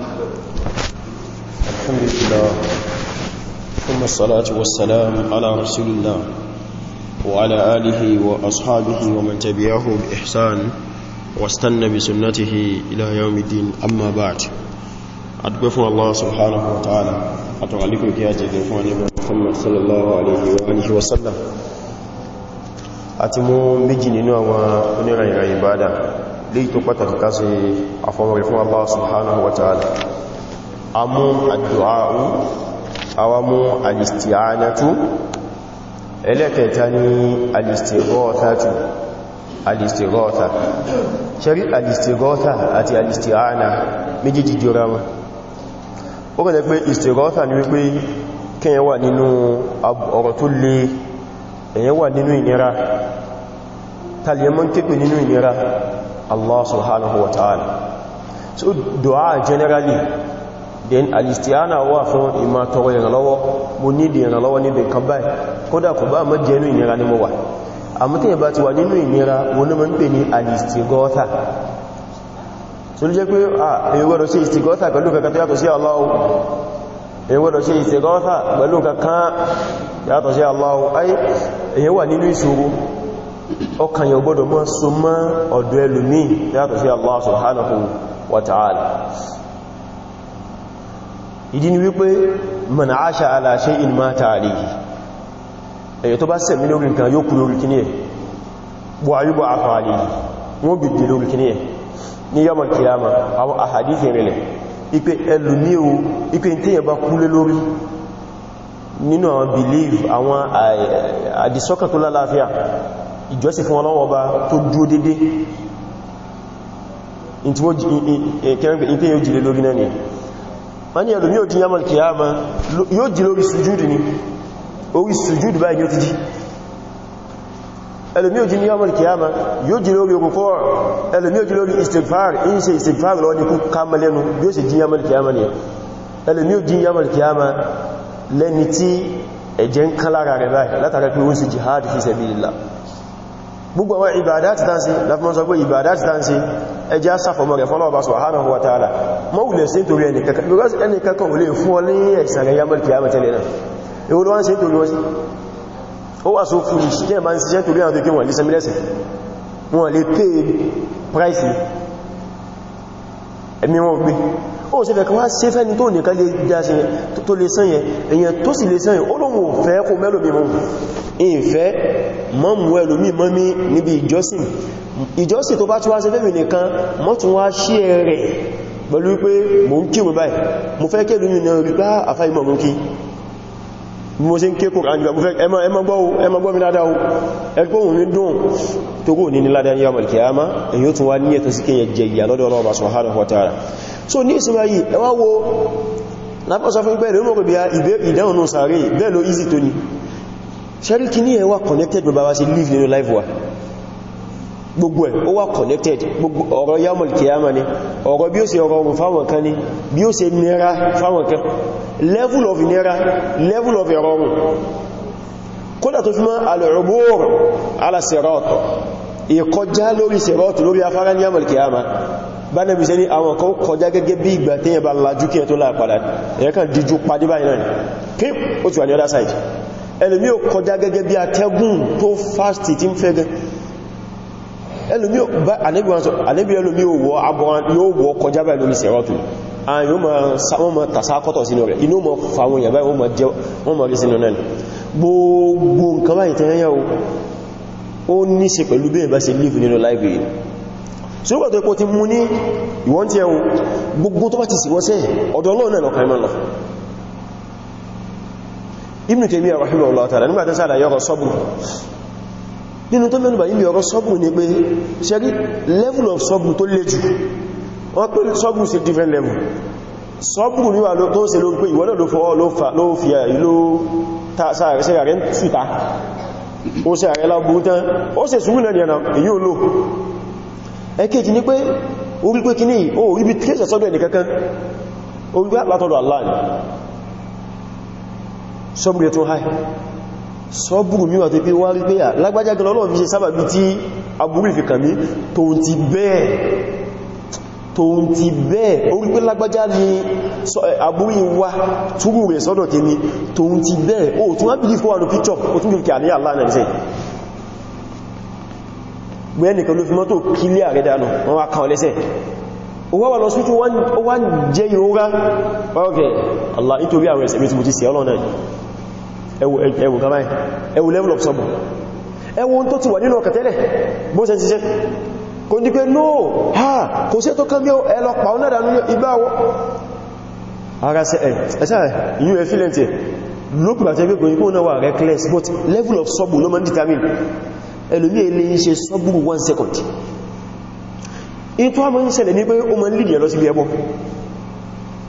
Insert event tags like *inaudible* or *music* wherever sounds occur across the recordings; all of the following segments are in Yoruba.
الحمد لله ثم الصلاة والسلام على رسول الله وعلى آله وأصحابه ومن تبعه بإحسان واستنى بسنته إلى يوم الدين أما بعد أدبفوا الله سبحانه وتعالى أتعليكم كياتي دفعني محمد صلى الله عليه وآله وسلم أتمو مجنين وما نرى عبادة lè tó pàtàkì ká sí àfọwọ́rẹ̀ fún Allah subhanahu wa ta'ala a mú àdúwáwú àwọn mú alisti'anatu ẹlẹ́kẹta ní alistigọ́ọ̀tàtù alistigọ́ọ̀tà ṣẹ́rí alistigọ́ọ̀tà àti alisti'ana méjìjì jọra wọn ó kẹ́lẹ̀ pé istigọ́ọ̀tà ní wípé kíyàn wà nínú ọ̀rọ̀ Allah subhanahu wa ta'ala so dua generally then alistiana wà fún ima tọrọ ìrànlọ́wọ́ mo need ìrànlọ́wọ́ níbi nǹkan báyìí kódà kò bá má jẹ́ inú ìnira ni mo wà àmútẹ́ ìbá ti wà nínú ìnira wọn mọ́ ń pè ní alistigotha so ló jẹ́ pé èwọ́dọ̀ sí istigotha pẹ̀lú kankan tó yàtọ̀ sí Allah èwọ́dọ̀ sí istigotha pẹ̀lú kankan yàtọ̀ sí Allah ay èyẹ wà nínú ìṣòro ọkàn yẹn gbọ́dọ̀ mọ́ so mọ́ ọ̀dọ̀ ẹlòmí yàtọ̀ sí Allah subhanahu wa ta'ala ìdí ni wípé man 'asha 'ala shay'in mata 'alayhi èyí tó bá sẹ̀mí lórí nǹkan yóò kú lórí kíní ẹ̀ bọ̀ ayúbọ̀ afọ àlèyí wọ́n gbìgbì lórí kíní ẹ̀ ní yọmọ̀ kìyàmà àwọn àhàdífì rìnlẹ̀ ipé ẹlùmí o ipé tí yẹ bá kúlé lórí nínú àwọn belief àwọn eh, àdìsọ́kà tó lálàáfíà ìjọsìn fún Ọlọ́run Ọba tó dúó dédé ìtí yóò jìlé lórí náà ni wọ́n ni ẹlòmí òjì yamal kìyàmá yóò jì lórí sujúdù ni orí sujúdù báyìí yóò ti jí ẹlòmí òjì yamal kìyàmá yóò jì lórí okùnkọ́ ẹlòmí òjì lórí istighfar in ṣe istighfar ni ẹlòmí òjì yamal kìyàmá lẹ́ni tí ẹ̀jẹ̀ ń kán jihad fi sabilillah gbogbo àwọn ìbàdá ti tán sí láfimọ́ sọ pé ìbàdá ti tán sí ẹjá sáfọ̀mọ́ rẹ̀ fọ́nà ọba subhanahu wa ta'ala mọ́wùlẹ̀ sí torí ẹnìkankan because ẹnìkankan ò lè fún ọ ní ẹ̀sàn rẹ̀ yamal kiyama tẹ́lẹ̀ náà ewu ló wá ń sí torí wọ́n sí ó wà so foolish kí ẹ ma ń siṣẹ́ torí àwọn tókè wọ́n lè sẹ́mi lẹ́sẹ̀ wọ́n lè ìfẹ́ mọ́mù ẹlòmí mọ́mí níbi ìjọsìn ìjọsìn tó bá tún wá ṣe fẹ́mì nìkan mọ́ tún wá ṣí ẹ̀rẹ̀ pẹ̀lú pé mò ń kírun báyìí mo fẹ́ kí ẹlòmí náà rí pé ah, àfá ìmọ̀ mú kí mo ṣe ń ké kò kàájú àmúfẹ́ ẹmọgbọ́ mi ládá o òun ní dùn tó kò ní ní ní ọmọ ìkìyàmá èyí ó tún wá ní ẹ̀tọ́ sí kí ẹjẹ ìyà lọ́dọ̀ ọlọ́ọ̀bà subhanahu wa ta'ala so ní ìsinmi yìí ẹwà wo lápọ́sọ fún pẹ́ẹ̀lú mọ̀ pẹ̀lú ìdáhùn sàárè bẹ́ẹ̀ ló ṣẹ́rí kí ní ẹwà connected bàbá wá sí live nínú live wa gbogbo ẹ̀ ó wà connected gbogbo ọ̀rọ̀ yamal kiyama ni ọ̀rọ̀ bí ó ṣe ọ̀rọ̀ ọ̀rùn fáwọn kan ni bí ó ṣe nira fáwọn kan level of nira level of ọ̀rọ̀rùn kódà tó fi mọ́ al-ubur ala sirat ìkọjá lórí sirat lórí afárá ní yamal kiyama bá nẹ́bí sẹ́ ní àwọn kan kọjá gẹ́gẹ́ bí ìgbà tẹ́yẹ̀ bá lajú kí ẹ tó láàpadà ẹ̀ẹ́kàn díjú padé báyìí náà kí ó ti wà ní other side ẹlòmí ò kọjá gẹ́gẹ́ bí atẹ́gùn tó fásitì tí ń fẹ́ gẹ́ ẹlòmí ẹlòmí ò wọ abọ́n yóò wọ kọjá báyìí lórí sẹ̀rọ̀tù ààyàn wọ́n ma tàṣákọ́tọ̀ sínú rẹ̀ inú ma fàwọn yàbá wọ́n ma rí sínú náà gbogbo nǹkan báyìí tẹ́yẹ ó ní ṣe pẹ̀lú bí ẹ̀bá ṣe lífù nínú láìbìrì tí ó wà tó ẹ̀kọ́ ti mú ní ìwọ́n tí ẹ̀hùn Ibn Taymiyyah rahimahullah ta'ala nígbàtí sáàdà yọrọ sọ́bùn nínú tó mẹ́lúbà ibi ọ̀rọ̀ sọ́bùn ni pé ṣẹ́rí level of sọ́bùn tó lè jù wọ́n pé sọ́bùn sí different level sọ́bùn níwà tó ṣe ló ń pé ìwọ́nà ló fọ́ ló fi ìlú sọ́bùrù ẹ̀ tó háì sọ́bùrù mi wà tó pé wá rí pé à ah, lágbájá gan Ọlọ́run fi ṣe sábàbí tí aburú ìfikàn mi tóun ti bẹ́ẹ̀ orí pé lágbájá ni eh, aburú ìwá túrù rẹ̀ sọ́dọ̀ tèmi tóun ti bẹ́ẹ̀ o tún wá bí fún àrùn Allah náà bẹ́ẹ̀ nìkan ló fi mọ́tò kílé àrẹ dànù wọ́n wá kan ọlẹ́sẹ̀ owó Allah nítorí àwọn ẹ̀sẹ̀ méjì mo ẹwù kan báyìí ẹwù level of sub ẹwù tó ti wà nínú ọkà tẹ́lẹ̀ bó ṣe ṣiṣẹ́ kò ní pé no ha kò sí ẹ̀tọ́ kan bí ẹlọ pàún náà dánú ìgbàwọ́ ara ẹ̀ṣà yíò ẹ̀fílẹ̀ntì lókùnlá tẹ́gbẹ́ kò ní kó náà wà reckless but level of sub ló mọ́ determine ẹlòmí ilé iṣẹ́ sub one second ìtọ́ àmọ́ ìṣẹ̀lẹ̀ ní pé ó mọ́ lídìí ẹ̀ lọ sí bí ẹbọ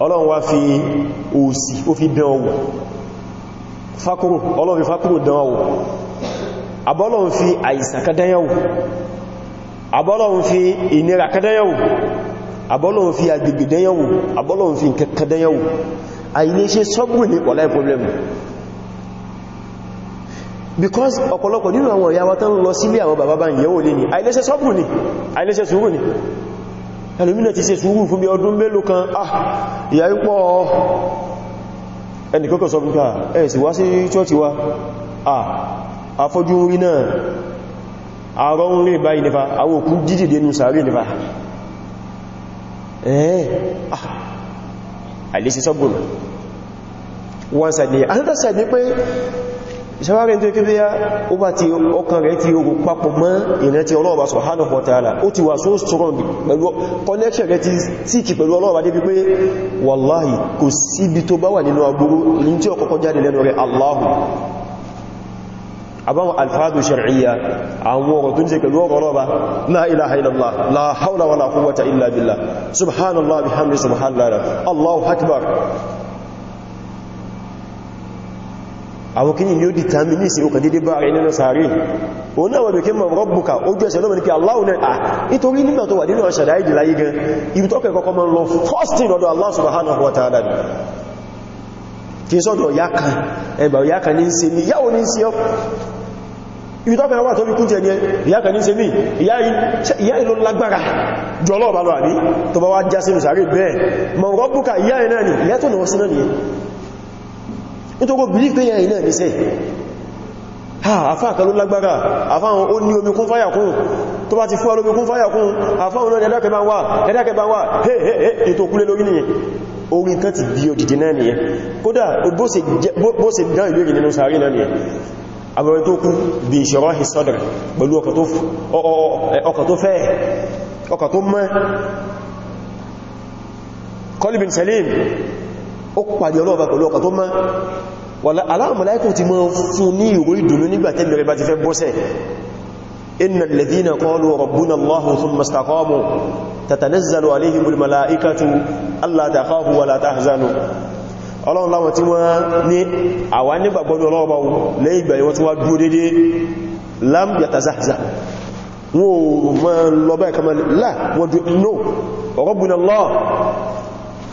ọlọ́run wá fi òsì ó fi bẹ́ ọwọ́ Fakuru. ọlọ́run fakuru fákúrù dánwò abọ́lọ́run fi àìsàn kádányàwó abọ́lọ́run fi ìnira kádányàwó abọ́lọ́run fi agbègbè dányàwó abọ́lọ́run fi nǹkan kádányàwó àìníṣẹ́ sọ́gbù ní wà problem because ọ̀pọ̀lọpọ̀ nínú àwọn ìyá wa tán lọ sílé àwọn bàbá bá ń yẹ̀wò lé ní àìlẹ́ṣẹ́ sọ́bùrù ní àìlẹ́ṣẹ́ sùúrù ní ẹlòmínà ti ṣe sùúrù fún bí ọdún mélòó kan ah ìyà ipò ẹni kọ́kọ́ sọ fún ká ah, ẹ̀ sì wá sí chọ́ọ̀tí wa àfọ́jú ah, orí náà àárọ̀ ń rí báyìí nífà àwọn òkú jíjìdé nù sàárè nífà ẹ̀ẹ́ ah, àìlésí sọ́gbọ̀nà one side ni ìṣẹ́wárí tó kí bí yá ó bá ti ọkàn rẹ̀ ti ogun papọ̀ mọ́ ìrìn tí ọlọ́ọ̀bá subhanahu wa ta'ala ó ti wà so strong pẹ̀lú connection rẹ̀ ti tíkì pẹ̀lú ọlọ́ọ̀bá débi pé wallahi kò síbi tó bá wà nínú agbúrú ní tí ọkọ̀kọ́ jáde lẹ́nu rẹ̀ Allahu àbáwọn alfáàdù ṣar'íyà àwọn ọ̀rọ̀ àwọn kíni ni ó di tàmì ní ìsìn òkàn dédé bá rẹ̀ nínú sàárè òun náà wọ́n bí kí mọ̀ rọ́bùkà ó jẹ́ ṣẹlọ́mọ̀ ní kí aláwọ̀ náà nítorí nígbà tó wà nínú ọ̀ṣàdá ìdì Allah subhanahu wa ta'ala kí sọ́dọ̀ ya kan ẹgbà ya kan ní ń ṣe mi yáwó ní ń ṣe ọ́ ibi tọ́kẹ̀ wà kan ní ń ṣe mi ìyá ìlú lágbára jọlọ́ ọ̀bálọ́ àbí tó bá wá já sínú sàárè bẹ́ẹ̀ mọ̀ ni nítorí believe pé yẹn iná ní sẹ́ àfáà kan ló lágbára àfáàwọn ó ní omi kún fáyàkún tó bá ti fún ọlọ́mi kún fáyàkún àfáàwọn náà ẹ̀dákẹ́ bá wà ẹ̀dákẹ́ bá wà hẹ́hẹ́hẹ́ ètò kúlé lórí nìyẹn orin kan ti bí òdìdì náà nìyẹn kódà bó ṣe dá ìlú ìrìn nínú sàárì náà nìyẹn àbẹ̀rẹ̀ tó kú bí ìṣọ́rọ̀ ìsọ́dẹ̀rẹ̀ pẹ̀lú ọkọ̀ tó fẹ́ ọkọ̀ tó mọ́ ó pàdé ọlọ́ọ̀bá pẹ̀lú ọkà tó máa aláàmàláìkò ti máa fún ní ìró ìdùnnú nígbàtẹ́mì rẹ̀ bá ti fẹ́ bọ́sẹ̀ inna alladhina qalu rabbuna allahu thumma istaqamu tatanazzalu alayhimul malaikatu alla takhafu wa la tahzanu ọlọ́run láwọn tí wọ́n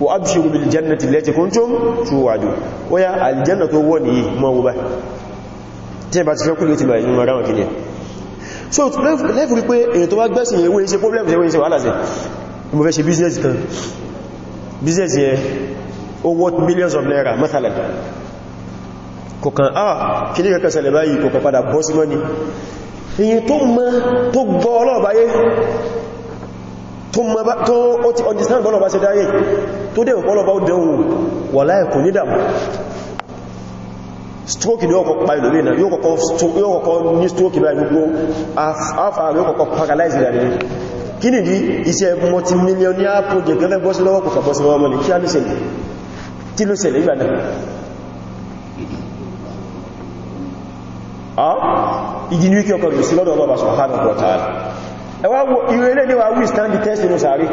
wa abshiru bil jannati allati kuntum tu'adun ó yá aljanna tó wọ́n yìí mọ́ wọ́n báyìí tí ẹ bá ti fẹ́ kúrò ti lọ ìlú mara wọn kìíní so lẹ́fù rí pé èyàn tó wá gbẹ́sìn ìwé iṣẹ́ problem ṣe wọ́n ṣe wàhálà sí mo fẹ́ ṣe business kan business yẹn ó worth millions of naira mathalan kọ̀kan ah kìíní kẹ́kẹ́ ṣẹlẹ̀ báyìí kọ̀kan padà boss money. mọ́ni èyàn tó mọ́ tó gbọ́ ọlọ́ọ̀báyé tó ó ti understand bọ́lọ̀bá ṣe dáyé tó dẹ̀ ọ̀pọ̀lọ̀bá ó dẹ̀wò wà láẹ̀kù nídàmù stroke ni ọkọ̀ pa ìlòrí náà yóò kọ̀kọ́ ní stroke náà gbogbo alpha yóò kọ̀kọ́ paralyze rẹ̀ rẹ̀ kí ni di iṣẹ́ multimillionaire project gẹ́gẹ́ bọ́sí lọ́wọ́ kò fàbọ́sí lọ́wọ́ mọ́ni kí a ló ṣẹlẹ̀ kí ló ṣẹlẹ̀ ìgbà náà ìdí ní wíkí ọkọ̀ rẹ̀ sí lọ́dọ̀ ọlọ́bàá sọ̀hánà pọ̀tàlì ẹwà ìrẹ́lẹ̀ ní wa stand the test inú sàárì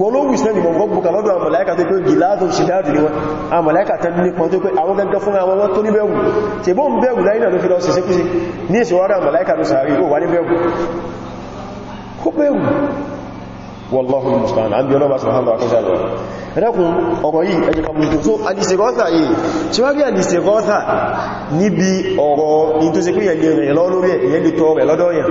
wọ́n ló withstand ìmọ̀ gbogbo kàlọ́dọ̀ àmàláíkà tó pé gìláàdùn ṣìdáàdù ni wọ́n àmàláíkà tẹ́ nípọn tó pé àwọn gẹ́gẹ́ fún àwọn wọ́n tó ní bẹ̀rù tí bó ń bẹ̀rù láìnà ló fi lọ sẹ̀sẹ̀kúsí ní ìṣòwárà àmàláíkà ló sàárì ó wà ní bẹ̀rù wallahu musta'an an biyo lọ́bàá sọ̀hánà àkọsà lọ ẹ̀rẹ́kùn ọ̀rọ̀ yìí ẹjẹ́ kàmùtò so alìsẹ̀gọ́ta yìí tí wá rí alìsẹ̀gọ́ta níbi ọ̀rọ̀ in tó ṣe pé yẹ̀lẹ̀ rẹ̀ lọ́lórí ẹ̀yẹ́ lè tọ́ rẹ̀ lọ́dọ́ yẹn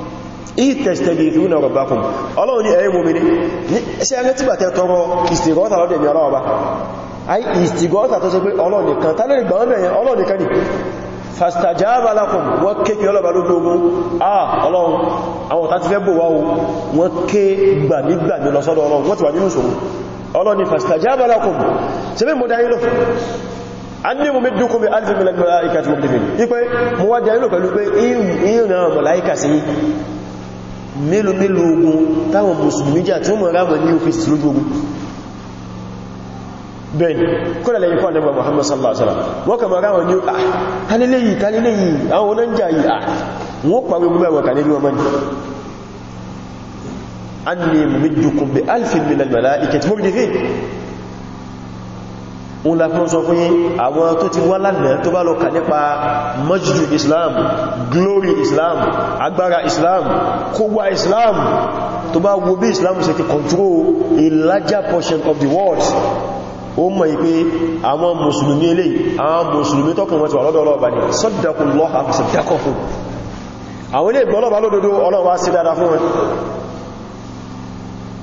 ìtẹ̀stẹ̀gìrìnà rọ̀bákùn ọlọ́run ní ẹ̀yìn mòmìnì ṣe ẹgbẹ́ tí bàtẹ́ tọrọ ìsìgọ́ta lọ́dẹ̀ mi ọlọ́ọ̀bá ayi ìsìgọ́ta tó sọ pé ọlọ́run nìkan tálẹ́rì gbọ́nbẹ̀yẹn ọlọ́run nìkan ni fastajaba lakum wọ́n ké kí ọlọ́bà ló lógún ah ọlọ́run àwọn tàbí fẹ́ bò wá o wọ́n ké gbà nígbà ní lọ́sọ́dọ̀ ọlọ́run wọ́n ti wà nínú ṣòro ọlọ́run ni mo dá yín bi alfin min al-malaikati mukdifin ipe mo wá dá yín lọ pẹ̀lú pé ìrìnà màláíkà sí mélòó mélòó ogun táwọn mùsùlùmí jà tí ó mọ̀ ráwọn ní òfíìsì lójú ogun bẹ́ẹ̀ni kọ́lá lẹ́yìn kọ́ àdẹ́gbà Muhammad sallallahu alaihi wasallam wọ́n kà mara wọn ní à ah, taliléyìí taliléyìí àwọn onájà yìí à ah, wọ́n pàwẹ́ gbogbo àwọn kà nílùú ọmọ ni anni mumiddukum bi alfin min al-mala'ikati òun la fún sọ fún yí àwọn tó ti wá lánàá tó bá lọ kà nípa mọ́júdù islam glory islam agbára islam kówà islam tó bá wo bí islam ṣe ti control a larger portion of the world ó mọ̀ ìpé àwọn mùsùlùmí ilé àwọn mùsùlùmí tọ́kùn wọn ti wà lọ́dọ̀ ọlọ́ọ̀bá ni sọ́dọ̀kùn lọ́ha sọ́dọ̀kùn àwọn ilé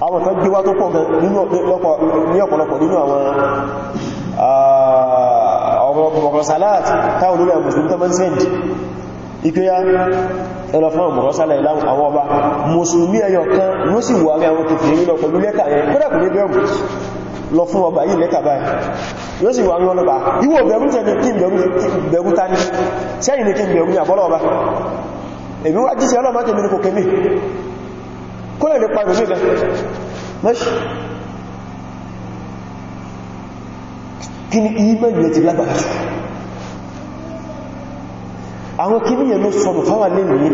àwọn kan gbíwá tó pọ̀ ní ọ̀pọ̀lọpọ̀ nínú àwọn ah, ọ̀rọ̀ salat táwọn olóòrẹ̀ musulmi tó mẹ́sẹ̀nd ìpéyà ẹlọ fún ọmọ rọ́sálẹ̀ ìlànà àwọn ọba musulmi ẹyọ kan ló sì wà rẹ àwọn kèfèrè lọ pẹ̀lú lẹ́kà yẹn kódà kò ní bẹ̀rù lọ fún ọba yìí lẹ́kà báyìí yóò sì wà rí ọlọ́ba ìwọ bẹ̀rù tẹ̀lé kí bẹ̀rù tání sẹ́yìn ní kí bẹ̀rù ní àbọ́lọ́ọba èmi wá jíṣẹ́ ọlọ́mọ́ tẹ̀lé ní kò kẹ́mí kó lè nípa ìrọ̀sí ìgbà mọ́ṣí kí ni ìmẹ́lì rẹ̀ ti lágbàrá jù àwọn kí ní ẹ̀lú sọ̀rọ̀ fáwà lẹ́nu ní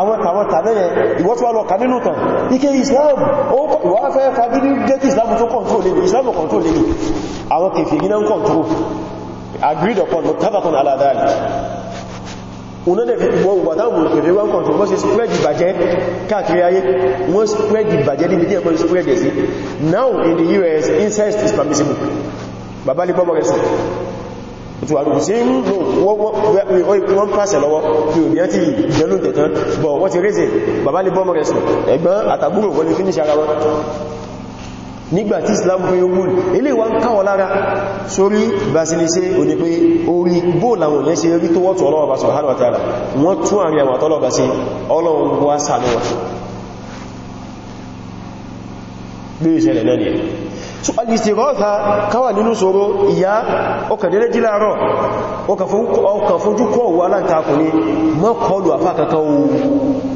àwọn àwọn tàbẹ́yẹ ìwọ́tíwà lọ kàmínú tàn ike Islam ó wà fẹ́ fagidi jẹ́ kí Islam tó kọ̀ntó lè Islam kọ̀ntó lè now in the US incest is permissible bàbá lè bọ́bọ̀ rẹ̀ sí ètò àrùkù sí ń lò wọ́n pàṣẹ lọ́wọ́ tí ò ní ẹ́ ti jẹ́lú tẹ̀tán bọ̀ wọ́n ti rézè bàbá lè bọ́mọ̀ rẹ̀ sí ẹ̀gbọ́n àtàgbùrù wọ́n lè finish ara wọn nígbàtí islam pín ogun ilé wa ń káwọn lára sórí basilise òní pé orí bóòlù àwọn èèyàn ṣe rí tó wọ́tù ọlọ́wọ́ bá subhanahu wa ta'ala wọ́n tún àrin àwọn àtọ́lọ́ bá sí ọlọ́run wá sàlọ́wọ́ bí ìṣẹ̀lẹ̀ náà ni so alìsìrọ́ta káwà nínú ṣòro ìyá ọkàdẹ́lẹ́ jí láàárọ̀ ọkàfojú kọ́ wà láǹtakùn ní mọ́kọlù àfákàkà ooo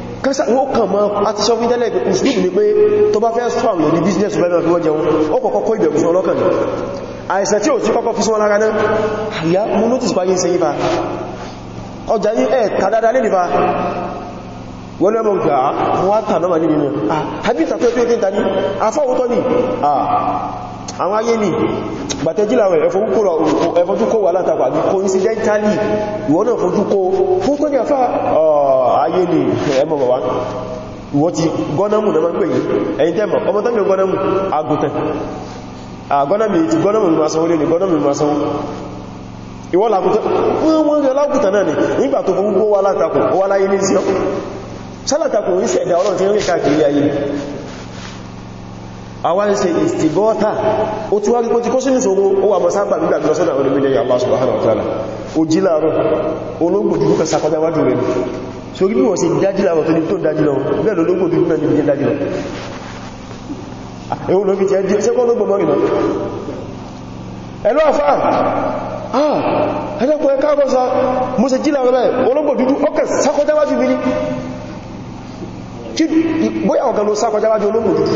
kẹsà wọ́n kàn máa àti sọ fíntẹ́lẹ̀ ìsìlúbù ní pé tó bá fẹ́ sọ àwọn ní business bẹ́ẹ̀ mẹ́fẹ́ wọ́n jẹun ó kọ̀kọ́ kọ́ ìbẹ̀rù fún ọlọ́kàn ní àìsàn tí ó ti kọ́kọ́ fún wọn lára náà àyà mú notice bá yí ṣe yípa ọjà ní ẹ̀ tàdádá lè nípa wọ́n lẹ́mọ̀ gbà wọ́n tà àwọn ayé ni gbàtẹ́jìláwẹ̀ ẹfọ́júkó wà látàkà ní coincidentally ìwọ́n náà fojúkó fún kọ́ ní àfá ayé ni ẹmọ bàbá ìwọ́n ti gọ́nàmù náà máa ń pè yí ẹ̀yìn tẹ́mọ̀ ọmọ tẹ́mọ̀ gọ́nàmù agùntẹ̀ gọ́nàmù ti gọ́nàmù ma sanwó lé ní gọ́nàmù ma àwa ń ṣe ìstìgọ́ta ó tí wá rí pọ́tí kó sínú ṣòro ó wà mọ́sá gbà nígbà lọ sọ́dọ̀ àwọn olùmílẹ̀ Allah subhanahu wa ta'ala ó jí láàárọ̀ olóngbò dúdú kan sakọjá wájú rẹ̀ sórí bí wọ́n sì dájí láàárọ̀ tó ní tó dájí lọ bẹ́ẹ̀ lolóngbò dúdú náà ní dájí lọ ẹ̀wọ́n lóbi ti ẹdí ṣẹ́kọ́ ló gbọmọ́ ìlọ ẹ̀lú àfá àà ẹ̀dẹ́kọ̀ ẹ̀ká àbọ́sá mú ṣe jílà rẹ̀ olóngbò dúdú ọkẹ̀ sákọjáwájú mi ní bóyá ọ̀gá ló sákọjáwájú olóngbò dúdú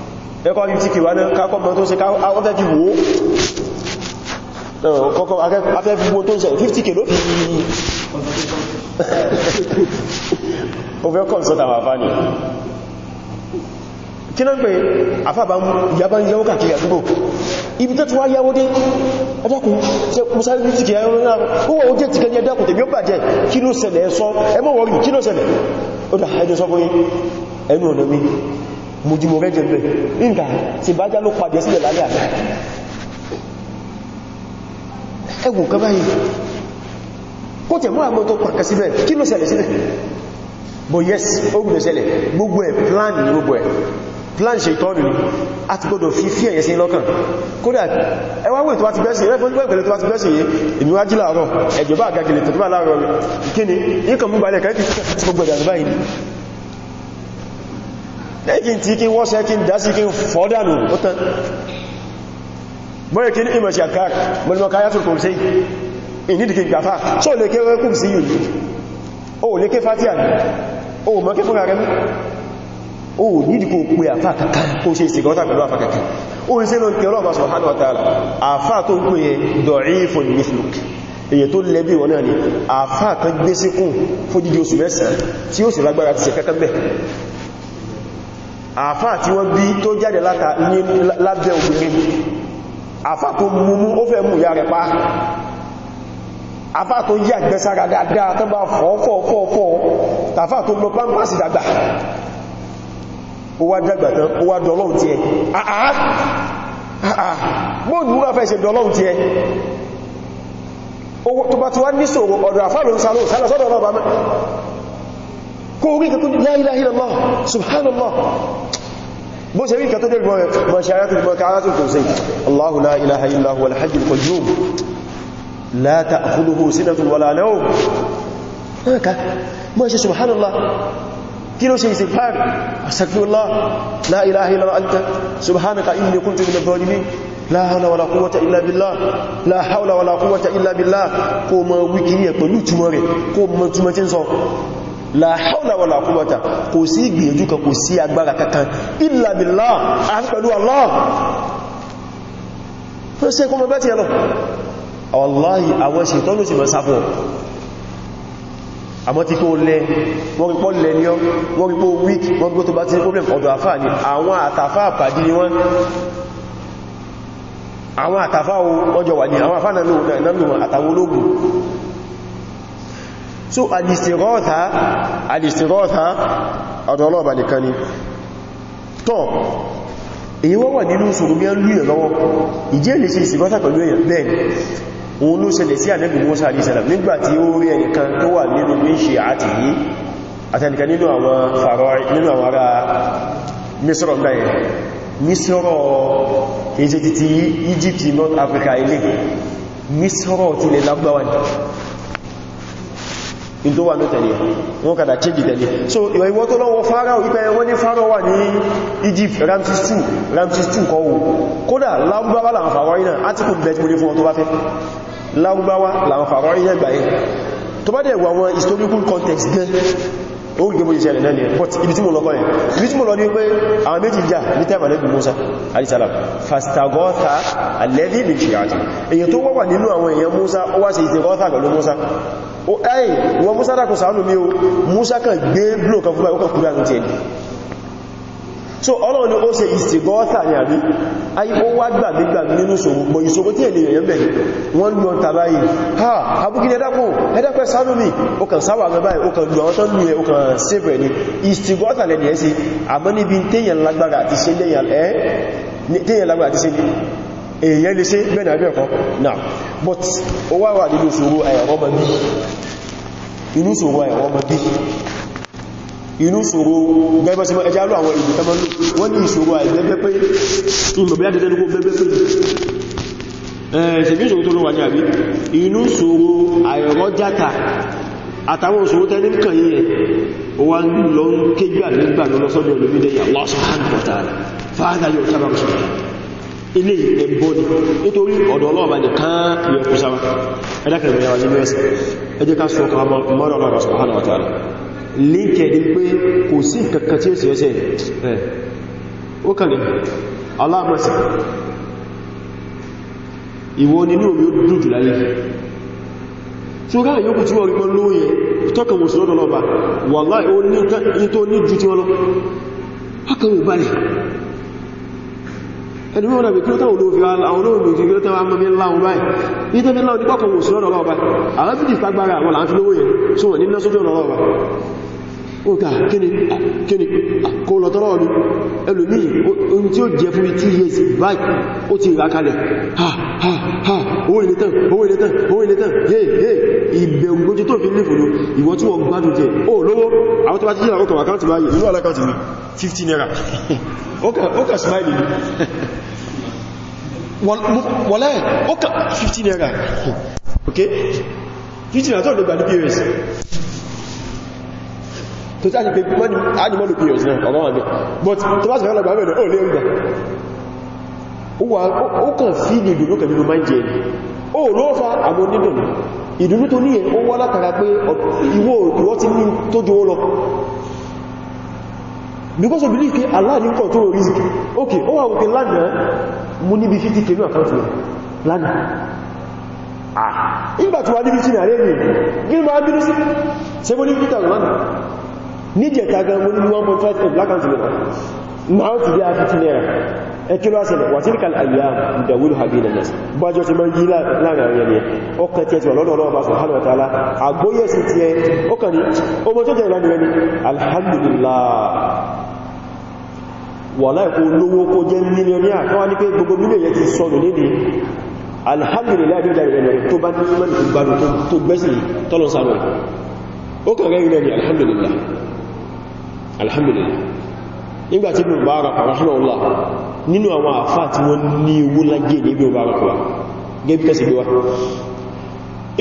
ẹkọ́ yìí tí kì wá ní kákọ́ mọ́ tó ṣe káwọ́ fẹ́ fi wó kọ́kọ́ afẹ́ fi wó tó ṣe 50k ló fi *laughs* over consult àwọn afá ni kí náà pé afábà yàbá ń yàwó kàkiri àdúgbò ibi tó ti wá yàwó dé ẹ̀dẹ́kùn tí mo sáré ní tìkì ẹ̀rọ náà ó wọ́n jẹ́ tìkẹ́ ní ẹ̀dẹ́kùn tèmi ó bàjẹ́ kí ló ṣẹlẹ̀ ẹ̀sọ́ ẹmọ́ wọ́rí kí ló ṣẹlẹ̀ ó dà ẹjọ́ sọ fún ẹnu ọ̀nà mi mo jí mo rẹ́ jẹ bẹ̀ nígbà tí bá já ló padì sílẹ̀ lálẹ́ àti ẹgbùn kan báyìí kó tẹ̀ mọ́ àmọ́ tó pàkà síbẹ̀ kí ló ṣẹlẹ̀ síbẹ̀ but yes ogun ìṣẹlẹ̀ gbogbo ẹ̀ plan ní gbogbo ẹ̀ plan ṣe ìtọ́nù ní a ti gbọdọ̀ fi fí ẹ̀yẹ sí lọ́kàn kódà ẹwàwẹ̀ tó wá ti bẹ́sìn ẹgbẹ̀lẹ̀ tó wá ti bẹ́sìn yìí èmi wá jí láàárọ̀ ẹ̀jọba àgagẹ̀lẹ̀ tó tó bá lẹ́kí tí kí wọ́n sẹ́ kí ń dá sí kí ń fọ́dánù ó tán bọ́yẹ̀ kí ní ìmọ̀ sí àkáàkì mọ̀lúmọ̀ káyàtùl kò sí ìnídìkì gbàfà tó lè kéwẹ́ kùm sí yìí o lè ké fatia ní o mọ́ ké fúnra rẹ̀ mú o nídìkò pé àfà kankan kó ṣe ìsìnkọ́ta pẹ̀lú àfà kankan o ń ṣe lọ kí ọlọ́ọ̀bá subhanahu wa ta'ala àfà tó ń pè é da'ifun mithluk èyẹ tó lẹ́bí wọn náà ni àfà kan gbé síkún fójíjì oṣù mẹ́sàn tí ó sì lágbára ti ṣe kankan bẹ́ẹ̀ àfá tí wọ́n bí tó jáde lábẹ́ obìnrin àfá tó múmú ó fẹ́ mú ìyá rẹ̀ pa àfá tó yí àgbẹ́sára dáadáa tó bá fọ́fọ́fọ́fọ́ tàfá tó lọ pámpásì dàgbà ó wá dàgbà tán ó wá dọ́lọ́un ti ẹ àà àà bóòdù múra fẹ́ ṣe dọ́lọ́un ti ẹ tó bá ti wá níṣòro ọ̀dọ̀ àfá ló ń sálọ́ sálọ́sọ́dọ̀ náà bá mẹ́ kó orí nǹkan la ilaha illallah subhanallah bó ṣe rí nǹkan tó dé gbọ́n mọ̀ ṣe arákùnrin mọ̀ káàrátù tó sí Allahu la ilaha illa huwa al-hayyul qayyum la ta'khudhuhu sinatun wala nawm mọ́ká mọ́ ṣe subhanallah kí ló ṣe istighfar astaghfirullah la ilaha illa anta subhanaka inni kuntu minadh dhalimin la hawla wala quwwata illa billah la hawla wala quwwata illa billah kó mọ̀ wíkìrí ẹ̀ pẹ̀lú túmọ̀ rẹ̀ kó mọ̀ la hawla wala quwwata kò sí ìgbìyànjú kan kò sí agbára kankan illa billah àti pẹ̀lú Allah ló sí ẹkùn mọ̀bẹ́ ti ẹ̀lọ wallahi àwọn ṣètọ́ ló sì mọ̀ sáfọ́ àmọ́ ti kó lẹ wọ́n rí pọ́ lẹ ní ọ wọ́n rí pọ́ week wọ́n gbọ́ tó bá ti ní problem ọ̀dọ̀ àfáà ni àwọn àtàfáà pàdé ni wọ́n àwọn àtàfáà wọ́n jọ wà ní àwọn àfáà náà àtàwọn ológun so alìsìrọ́ta alìsìrọ́ta ọ̀dọ̀ọlọ́ọ̀bà nìkan ni tọ́ èyí wọ́n wà nínú ṣòro bí ẹn lúyẹ̀ lọ́wọ́ ìjẹ́ lè ṣe ìsìrọ́ta pẹ̀lú èyàn bẹ́ẹ̀ òun ló ṣẹlẹ̀ sí ànẹ́bì Mùsá àdìsẹ̀lẹ̀ nígbàtí ó rí ẹnìkan tó wà nínú méṣe àti yìí àtẹnìkan nínú àwọn fàrọ nínú àwọn ará mísọ́rọ̀ gbáyẹ̀ mísọ́rọ̀ èjì títí Egypt North Africa ilé mísọ́rọ̀ tilẹ̀ lágbàwà in tó wà ní tẹ̀lé wọn kàdà chéjì tẹ̀lé so ìwọ̀ ìwọ̀ tó lọ́wọ́ Fáráò ìpẹ́ wọ́n ní Fáráò wà ní Egypt Ramses 2 Ramses 2 kọ́ wù kódà lágbàwà làwọn Fáráò iná átíkù bẹ̀tí mo ní fún ọ tó bá fẹ́ lágbàwà làwọn Fáráò iná gbà yẹn tó bá dẹ̀ wà wọn historical context gan ó gbé mo ìṣẹ̀lẹ̀ náà ni but ibi tí mo lọ́kọ́ yẹn ibi tí mo lọ ní pé àwọn méjì jà ní tẹ́mà lẹ́bí Musa alisalam fastagọ́ta alẹ́bí lè ṣe àti èyàn tó wọ́wà nínú àwọn èèyàn Musa ó wá sí ìtẹ́gọ́ta pẹ̀lú Musa ó ẹ́yìn wọn Musa dákùn sàánù mi o Musa kan gbé blò kan fún ọkọ̀ kúrò àrùn tẹ́lì so Ọlọ́run ni ó ṣe ìsìgọ́ọ́ta ní àbí ayé ó wá gbàgbégbàgbé nínú ìṣòro bọ̀ ìṣòro tí èlè èyàn bẹ̀rẹ̀ wọ́n lọ tàbáyé ha abúkílẹ̀ dákùn ẹ̀dẹ́pẹ́ sánú mi ó kàn sáwà rẹ̀ báyìí ó kàn lù àwọn tó lù ẹ ó kàn sèbẹ̀ ni ìsìgọ́ọ́ta lẹ́ni ẹ́ sí àmọ́ níbi téèyàn lágbára àti ṣe èèyàn lè ṣe bẹ́ẹ̀nà ẹgbẹ́ ẹ̀kọ́ náà but ó wá wà nínú ìṣòro àyàwó ọmọ bí inú ìṣòro àyàwó ọmọ bí inú ìṣòro gẹ́gbẹ́ sí ẹjá lọ àwọn ìlú tẹ́mọ́ wọ́n ní ìṣòro àìgbẹ́gbẹ́ pé ìlòbí àdẹ́dẹ́ ló gbẹ́gbẹ́ pé ṣèbí ìṣòro tó ló wà ní àbí inú ìṣòro àìrọ́ játa àtàwọn òṣòro tẹ́ ní kàn yí ẹ̀ o Allah subhanahu wa ta'ala fáádà yóò sábà ilé ẹ̀bọ́ ni nítorí ọ̀dọ̀ ọlọ́ọ̀bá ni kán yọkú sáwọn ẹ̀dàkẹ̀rẹ̀ yàwó nínú ẹ̀sẹ̀ ẹjẹ́ ká sọ ọkọ̀ mọ́rọ̀ ọlọ́rọ̀ subhanahu wa ta'ala líkẹ̀ ní pé kò sí kankan tí ó sì wọ́n rí pọ́n lóòyẹ sí lọ́dọ̀ ó ní tó ní tí wọ́n ẹni wọ́n rẹ̀ pílótọ́ olóòfin àwọn olóòfin ti pílótọ́ wa mọ́bí ńlá wọn báyìí ní tó bí ńlá onípọ̀kọ̀ wò sí lọ́dọ̀ lọ́ọ̀bá àwọn fìdí ìpagbára àwọn láàá fi lówó yẹn sọ wọ́n nínú sójú ọ̀nà lọ́ọ̀bá òkà kíni kíni kó lọ tọ́rọ ọdún ẹlòmí ohun tí ó jẹ fún tí yẹ sí báyìí ó ti rà kalẹ̀ ha ha ha owó ilé tán owó ilé tán owó ilé tán hey hey ìbẹ̀rù lójú tó fi ní fòdó ìwọ tí wọ́n gbádùn jẹ ó lówó àwọn tó bá ti jẹ́ àwọn kọ̀wàkántì báyìí inú alákàntì mi 50 naira *laughs* ó kà smile wọ́lẹ́ ó kà 50 naira ok 50 naira tó lè gbà ní pos tó tí a ní pé ánìmọ́lù pos náà ọ̀rọ̀ wọn but tó bá sọ̀rọ̀ lọ́gbà mẹ́rin ó lè rí gbà ó kàn sí ní ìdùnú kẹ̀mí ló máa ń jẹ ẹni ó ló fa àwọn onídùnú ìdùnú tó ní ẹ̀ ó wọ́ látara pé ìwọ ti ní tó jọ lọ because of belief ala Allah ní control risk ok ó wà òkè lánàá mú níbi 50 kìlú àkántì rẹ̀ lánàá ah ìgbàtí wà níbi tí nà rẹ̀ rẹ̀ gírí máa bínú sí 70,000 gan black and ti a 50 naira ẹkìlú àṣẹlẹ̀ wà tí kàl àyà ìdàwúlù àbínà náà bájọ́ ti máa ń yí láàrin àwọn ẹni ọkàn tí ẹ ti wà lọ́dọ̀ ọlọ́ọ̀bá subhanahu wa ta'ala àgbóyẹ̀ sí ti ẹ ọkàn ní ọmọ tó jẹ́ ìlànà ẹni alhamdulillah wà láìkó lówó kó jẹ́ mílíọ̀nìyà tó wá ní pé gbogbo mílíọ̀ yẹ ti sọnù nídi alhamdulillah bí ìdàrí ẹni tó bá ní mọ́nì tó gbádùn tó gbẹ́sìn tọ́lọ̀ sáré ó kàn rẹ̀ ìrẹ̀ ni alhamdulillah alhamdulillah nígbàtí bí mubarak rahimahullah nínú àwọn àfáà tí wọ́n ní owó lágé ní Ibn Mubarak wa gẹ́bí kẹsì gbé wa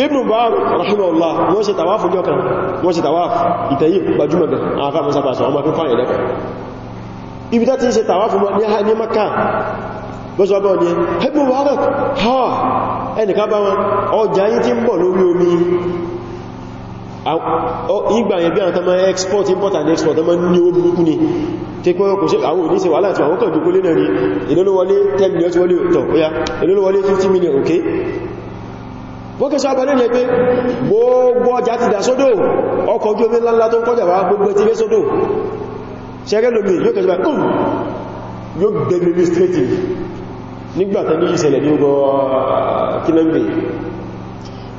Ibn Mubarak rahimahullah wọ́n ṣe tàwáfù jọ kan wọ́n ṣe tàwáfù ìtẹ̀yí gbajúmọ̀ gan àwọn afẹ́ mọ́sápasọ̀ ọmọ akẹ́kọ̀ọ́ yẹn lẹ́kọ̀ọ́ ibi tá ti ń ṣe tàwáfù ìgbà yẹn bí àwọn tọ́mọ export import and export tọ́mọ ní owó burúkú ni tí pé kò ṣe àwọn òní ṣe wà láti àwọn kọ̀dù kó lé náà ni ìlólówọlé 10 million wọlé tọ̀ ó yá ìlólówọlé 50 million ok wọ́n kẹsọ abẹ́lẹ́ ní pé gbogbo ọjà ti dà sódò ọkọ̀ ojú omi ńlá tó ń kọjà wá gbogbo ti lé sódò ṣẹ́rẹ́ lómi yóò kẹsọ báyìí yóò gbẹ̀mí ní straight nígbàtẹ́ ní ìṣẹ̀lẹ̀ ní ọgọ́ kílẹ̀mì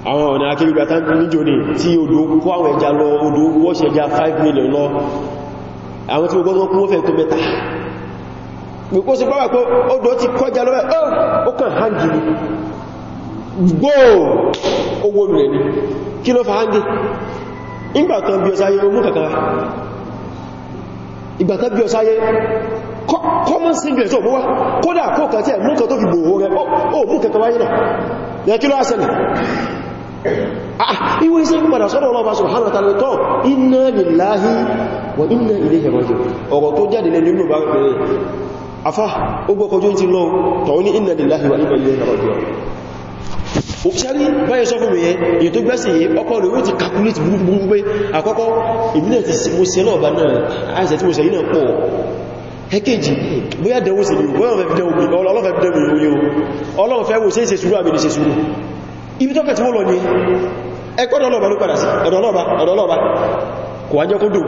àwọn ọ̀nà akérúgbà tán níjò ní tí odò kó àwọn ẹja lọ odò wọ́ṣẹ̀ ẹja 5 million lọ àwọn tí ogọ́gọ́ kún fẹ́ tó mẹ́ta pípọ́ sí pọ́wà pé odò ti kọjá lọ́wẹ́ ó kàn hangi gbóò owó rẹ̀ ni kí ló fa hangi ìgbàtàn bí ọsáyé mú kàkàrà ìgbàtàn bí ọsáyé common singlet ọmọ wá kódà kó kàtí ẹ̀ mú kàn tó fi gbòòrò rẹ̀ ó mú kẹkàrà yìí náà Ah, ìwé iṣẹ́ pípadà sọ́dọ̀ ọlọ́ọ̀bá subhanahu wa ta'ala tọ́ inna lillahi wa inna ilayhi raji'un ọ̀rọ̀ tó jáde lẹ́nu inú bá Afa, pẹ̀lẹ̀ afá ó gbọ́kọjú ti lọ tọ́ ní inna lillahi wa inna ilayhi raji'un òṣèré báyẹ̀ sọ fún ìyẹn èyí tó gbẹ́sẹ̀ yìí ọkọ̀ rẹ̀ yóò ti calculate burúkú pé àkọ́kọ́ ìbílẹ̀ tí mo ṣe lọ́ọ̀bá náà àìsẹ̀ tí mo ṣe yìí náà pọ̀ ẹkẹ́jì bóyá dẹ̀wó sí ni wọ́n fẹ́ dẹ̀wó ibi tọ́kẹ̀ tí wọ́n lọ ní ẹgbọ́dọ̀ ọlọ́ba ló padà sí ọ̀dọ̀ ọlọ́ba ọ̀dọ̀ ọlọ́ba kò wájọ́ kó dùn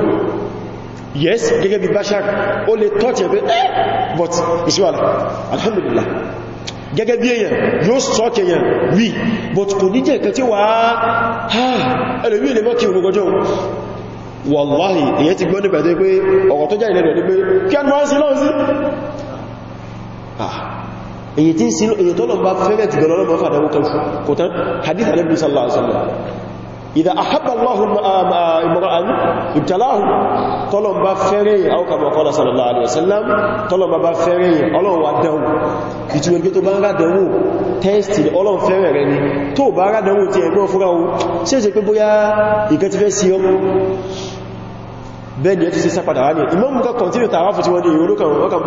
yes gẹ́gẹ́ bí bashar ó lè tọ́tí ẹgbẹ́ eh but ìṣíwàlá alhamdulillah gẹ́gẹ́ bí èyàn yóò sọ́ọ̀kì èyàn wí but kò ní jẹ́ ìkẹtí wà á ẹlòmí ilé mọ́kí ogogojọ́ wallahi èyàn ti gbọ́ nípa ẹ̀dẹ́ pé ọ̀rọ̀ tó jáde lẹ́nu ẹ̀ ni pé kí a ní wọ́n sí lọ́wọ́ ah. sí èyí tí sínú èyí tó lọ bá fẹ́rẹ̀ ti gọ̀lọ́lọ́ bá fàdàwó kanṣu kò tán hadith alẹ́bìn sallallahu alaihi wasallam ìdá àhábàláhùn ìmọ̀ràn ìtàláhùn tọ́lọ̀n bá fẹ́rẹ̀ yìí àwọn kàbọ̀ kọ́lá sallallahu alaihi wasallam tọ́lọ̀n bá fẹ́rẹ̀ yìí ọlọ́run wà dánwò ìtumẹ̀ gbé tó bá ń rádánwò tẹ́ẹ̀sì ọlọ́run fẹ́rẹ̀ rẹ̀ ni tó bá rádánwò ti ẹ̀gbọ́n fúra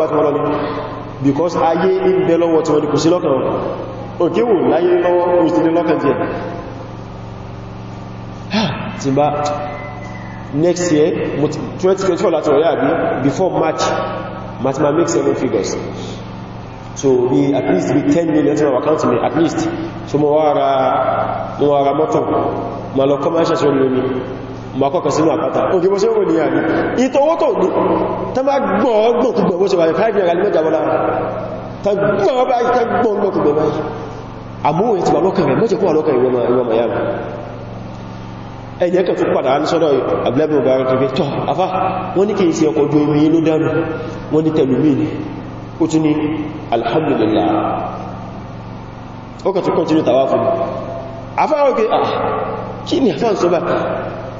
ohun ṣe é because ayé ń bẹ lọ́wọ́ tí wọ́n ní kò sí lọ́kàn wọn òkè wò láyé lọ́wọ́ kò sí ní lọ́kàn jẹ́ ah, tí bá next year 2024 láti ọ̀yá àbí before March mathematics seven figures so bí at least bí 10 million our account me at least so mo wá ra mọ́tọ̀ ma lọ commercial sọ́lọ́mí makọ́kọ̀ sínú àpáta òkè bó ṣe wò ní àrí ìtò owó tó ní tó bá gbọ́ọ̀gbọ̀n tó gbọ́n bó ṣe wà ní 5 naira ní mẹ́ta bọ́lá tó gbọ́ọ̀ báyìí tó gbọ́ọ̀gbọ̀n tó gbọ́ọ̀ báyìí àmúhùn ti wà lọ́kàn rẹ̀ mọ́jẹ̀kọ́ wà lọ́kàn ìwọ̀n mayá ẹni ẹ̀kẹ́ tó padà á ní sọ́dọ̀ àbúlẹ́bìn ọba rẹ̀ pé tọ́ afá wọ́n ní kìí sí ọkọ̀ ojú omi ló dánù wọ́n ní tẹ̀lùmí ni ó tún ní alhamdulillah ó kà tó kọ́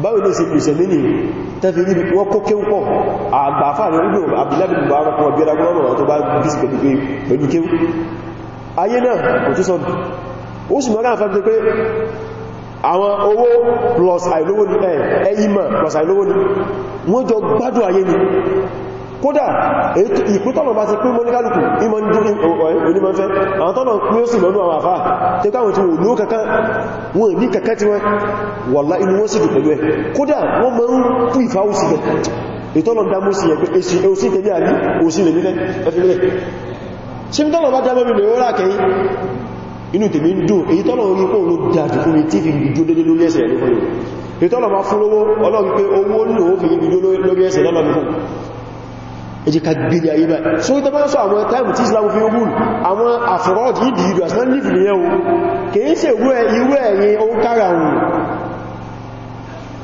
báwo ló ṣe pèsè mí ní tẹ́fì rí wọ́n kó kéwù pọ̀ àgbàfà ní orílẹ̀ àbúlábì Mubarak kan ọgbẹ́ra gbọ́nà tó bá bísí pẹ̀lú pé pẹ̀lú kéwù ayé náà plus àìlówó ní plus àìlówó ní wọ́n jọ ni kódà ìpítọ̀nà bá ti pín mọ́níkálùkù ìmọ̀ ní onímọ̀fẹ́ àwọn tọ́nà pín ó sì lọ́nà àwọn àfáà tí káwọn tí wọ́n ló kankan wọ́n ní kankan tí wọ́n wọ́lá inú wọ́n sì dùn pẹ̀lú ẹ kódà wọ́n mọ́ ń kú ìfáwọ́ sí ìtọ́nà dámú sí ẹgbẹ́ èsì òsì tẹ̀lé àbí òsì lè nílẹ̀ ẹfẹ́lẹ̀ ṣe ń tọ́nà bá dámọ́ mi lè rọ́rà kẹ́yìn ẹjíká gbílé ayé báyìí so ìtẹ́ bá ń sọ àwọn táìmù tí Islam fi ogun àwọn àfẹ́rọ́dì individuals náà nífìlì yẹn o kìí ṣe ìwé ìwé ẹ̀yìn ohun kára ohun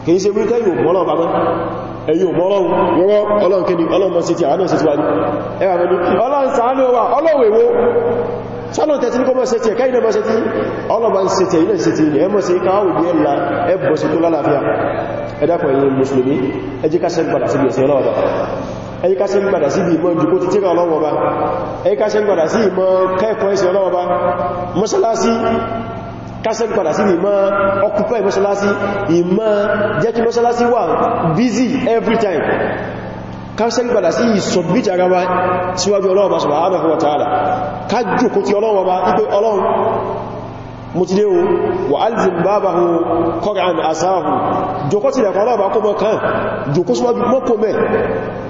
kìí ṣe wíkẹ́ yóò mọ́lọ̀ bàbá ẹ̀yìn òmọ́lọ́run wọ́wọ́ Ọlọ́run kí ni Ọlọ́run mọ́ sí ti àánà sí ti wà ní ẹwà mẹ́lú Ọlọ́run ṣàánú wa Ọlọ́run èwo sọ́lọ̀n tẹ̀tí ní kọ́ mọ́ sí ti ẹ̀ká ìdẹ́ mọ́ sí ti ẹ̀yíká ṣe ń gbàdà sí ìmọ̀ jùkú ti tíra ọlọ́wọ́ bá ẹ̀yíká ṣe ń gbàdà sí ìmọ̀ kẹ́ẹ̀kọ́ ẹ̀sẹ̀ ọlọ́wọ́ bá mọ́sálásí kásẹ̀ padà sí ìmọ̀ ọkùnfẹ́ mọ́sálásí ìmọ̀ jẹ́ kí mọ́sálásí wà busy every time kásẹ̀ padà sí ìsọ̀bíjà ara wa síwájú Ọlọ́run bá subhanahu wa ta'ala ká jòkó ti Ọlọ́run bá ipé Ọlọ́run mo ti dé o wà alzim bábáhu kọ́rán asáhù jòkó ti lẹ̀kọ́ Ọlọ́run bá kó mọ́ kan jòkó síwájú mọ́kó mẹ́